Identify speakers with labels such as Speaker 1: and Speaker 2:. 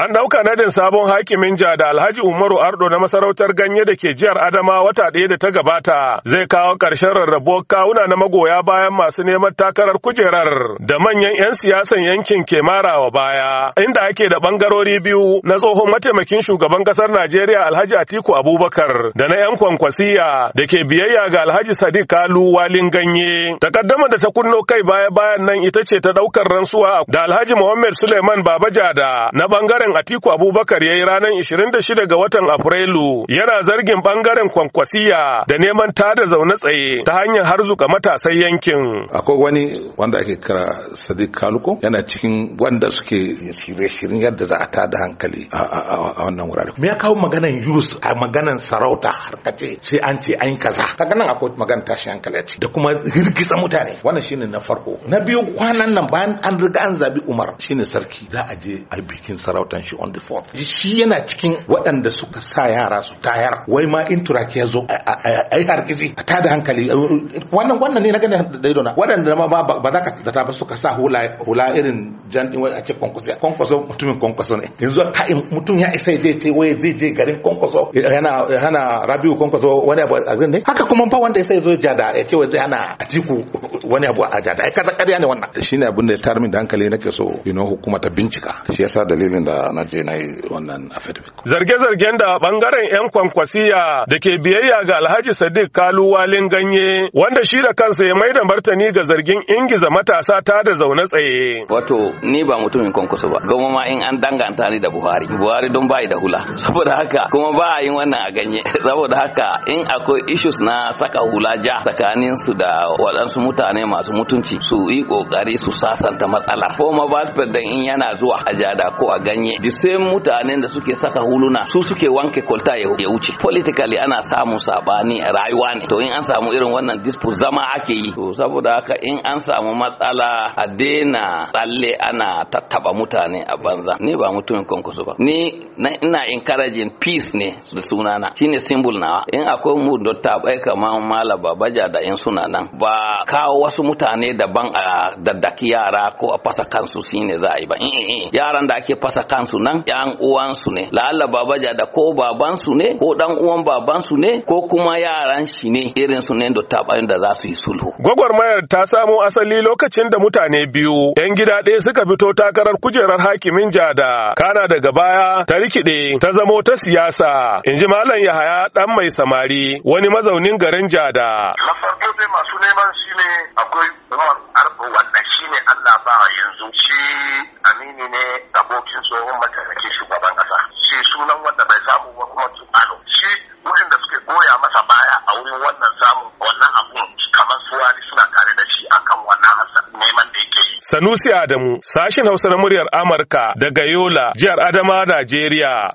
Speaker 1: An ɗauka nadin sabon hakimin ja da Alhaji Umaru Ardo na masarautar ganye da ke jihar Adama wata ɗaya da ta gabata zai kawo ƙarshen rarrabuwar kawuna na magoya bayan masu neman takarar kujerar da manyan 'yan siyasan yankin ke marawa baya inda ake da ɓangarori biyu na tsohon mataimakin shugaban ƙasar Najeriya Alhaji Atiku Abubakar da na 'yan kwankwasiya da ke biyayya ga Alhaji Sadiq Kalu Walin Ganye. Takaddama da ta kunno kai baya bayan nan ita ce ta ɗaukar rantsuwa da Alhaji Muhammad Suleiman Babajada na ɓangaren gwamnan Atiku Abubakar ya yi ranar 26 ga watan Afrilu yana zargin bangaren kwankwasiya da neman tada zaune tsaye ta hanyar harzuka matasan yankin. Akwai wani
Speaker 2: wanda ake kira Sadiq Kaluko yana cikin wanda suke shirye-shiryen yadda za a tada hankali a wannan wurare. Me ya kawo maganan yus a maganan sarauta harkace sai an ce an kaza. Kaga nan akwai maganar tashi hankali da kuma hirgitsa mutane. Wannan shine na farko. Na biyu kwanan nan bayan an riga an zabi Umar shine sarki za a je a bikin sarautan operation shi on the fourth shi yana cikin waɗanda suka sa yara su tayar wai ma in turaki ya zo a yi harkizi a tada hankali wannan wannan ne na gani da ido na waɗanda ma ba za ka zata ba suka sa hula irin jan din wai a ce kwankwaso kwankwaso mutumin kwankwaso ne yanzu ka mutum ya isa zai ce wai zai je garin kwankwaso yana hana rabiu kwankwaso wani abu a ne haka kuma fa wanda isa zo jada ya ce wai zai hana atiku wani abu a jada kaza ne wannan shine abin da ya tarmi da hankali nake so you know hukuma ta bincika shi yasa dalilin da na je na yi wannan affidavit.
Speaker 1: Zarge-zargen da bangaren 'yan kwankwasiya da ke biyayya ga Alhaji Sadiq Kalu Walin Ganye wanda shi da kansa ya maida martani ga zargin ingiza matasa
Speaker 3: ta da zaune tsaye. Wato ni ba mutumin kwankwaso ba, goma ma in an danganta ni da Buhari. Buhari don bayi da hula. Saboda haka kuma ba a yin wannan a ganye. Saboda haka in akwai issues na saka hula ja tsakanin su da waɗansu mutane masu mutunci su yi ƙoƙari su sasanta matsala. Ko ma ba in yana zuwa a jada ko a ganye ganye the same mutanen da suke saka huluna su suke wanke kolta ya wuce politically ana samu sabani a rayuwa ne to in an samu irin wannan dispute zama ake yi to saboda haka in an samu matsala a daina tsalle ana tattaba mutane a banza ni ba mutumin kwankwaso ba ni ina encouraging peace ne da sunana shine symbol nawa in akwai mu dotta bai kamar mala babaja da in suna nan ba kawo wasu mutane daban a daddaki yara ko a fasa kansu shine za a yi ba eh, eh, eh. yaran da ake fasa kansu kansu nan yan uwansu ne la'alla babaja da ko babansu ne ko dan uwan babansu ne ko kuma yaran shi ne irin su ne da tabayin da za su yi sulhu
Speaker 1: gwagwarmayar ta samo asali lokacin da mutane biyu yan gida ɗaya suka fito takarar kujerar hakimin jada kana daga baya ta rikide ta zamo ta siyasa in ji malam yahaya dan mai samari wani mazaunin garin jada na farko dai masu neman shi ne akwai
Speaker 3: ne Allah ba yanzu shi amini ne abokin tsohon mataimaki shugaban kasa shi sunan wanda bai samu ba kuma tubalo shi waɗanda suke goya masa baya a wurin wannan samun wannan abun kamar suwari suna tare da shi akan wannan neman
Speaker 1: da yake yi. Sanusi Adamu sashen Hausa na muryar Amurka daga Yola jihar Adama Najeriya.